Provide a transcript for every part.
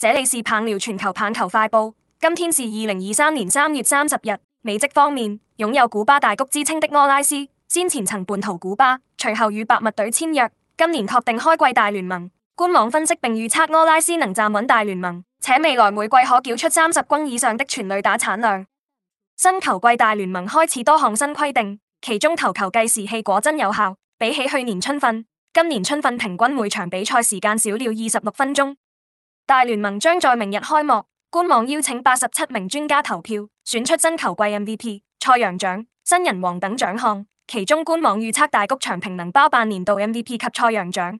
這裏是棒聊全球棒球快報，今天是二零二三年三月三十日。美職方面，擁有古巴大谷之稱的阿拉斯先前曾叛逃古巴，隨後與白襪隊簽約，今年確定開季大聯盟。官網分析並預測阿拉斯能站穩大聯盟，且未來每季可繳出三十轟以上的全壘打產量。新球季大聯盟開始多項新規定，其中投球計時器果真有效，比起去年春訓，今年春訓平均每場比賽時間少了二十六分鐘。大聯盟將在明日開幕，官網邀請八十七名專家投票，選出新球季 MVP、賽揚獎、新人王等獎項。其中官網預測大谷翔平能包辦年度 MVP 及賽揚獎。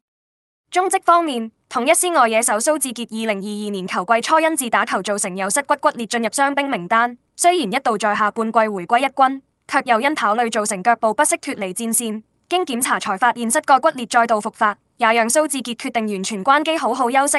中職方面，統一獅外野手蘇智傑二零二二年球季初因自打球造成右膝骨骨裂進入傷兵名單，雖然一度在下半季回歸一軍，却又因跑壘造成腳步不適脱離戰線，經檢查才發現膝蓋骨裂再度復發，也讓蘇智傑決定完全關機好好休息。